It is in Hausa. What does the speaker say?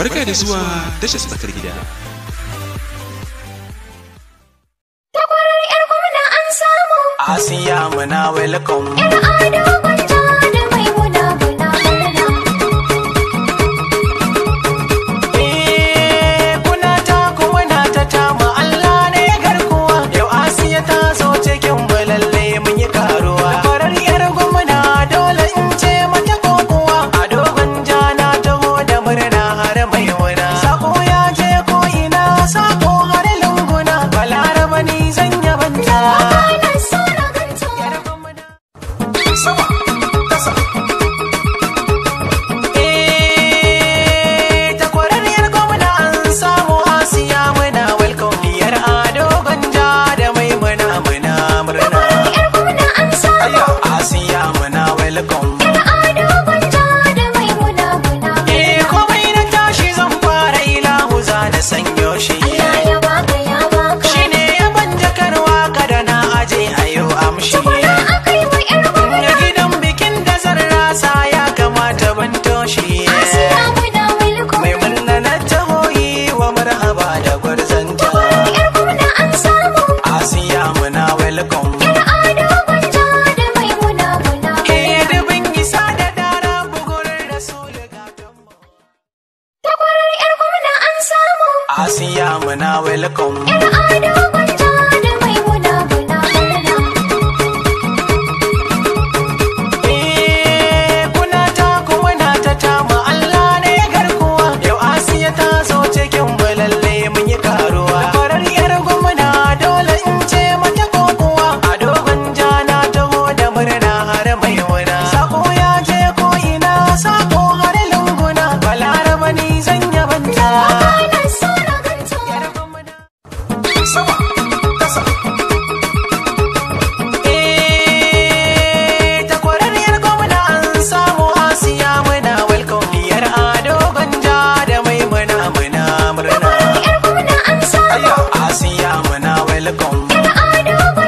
Barka da zuwa tashar tsakar gida. Takwarar 'yar gwamna an samu. Asiya muna welcome. 'Yar ado gwanja da mai muna muna muna. Eh, kuna ta kuma na ta tama Allah ne garkuwa. Yau Asiya ta zo cikin mu mun yi kawo. siya muna welcome yar ado gwanja da maimuna muna eh, kuna ta na ta tama Allah ne garkuwa yau asiya ta zo cikin balalle mun yi karuwa farar yar gwamna dole in ce mata kokuwa a gwanja na taho da murna har maimuna sako ya je ko ina sako 요 아,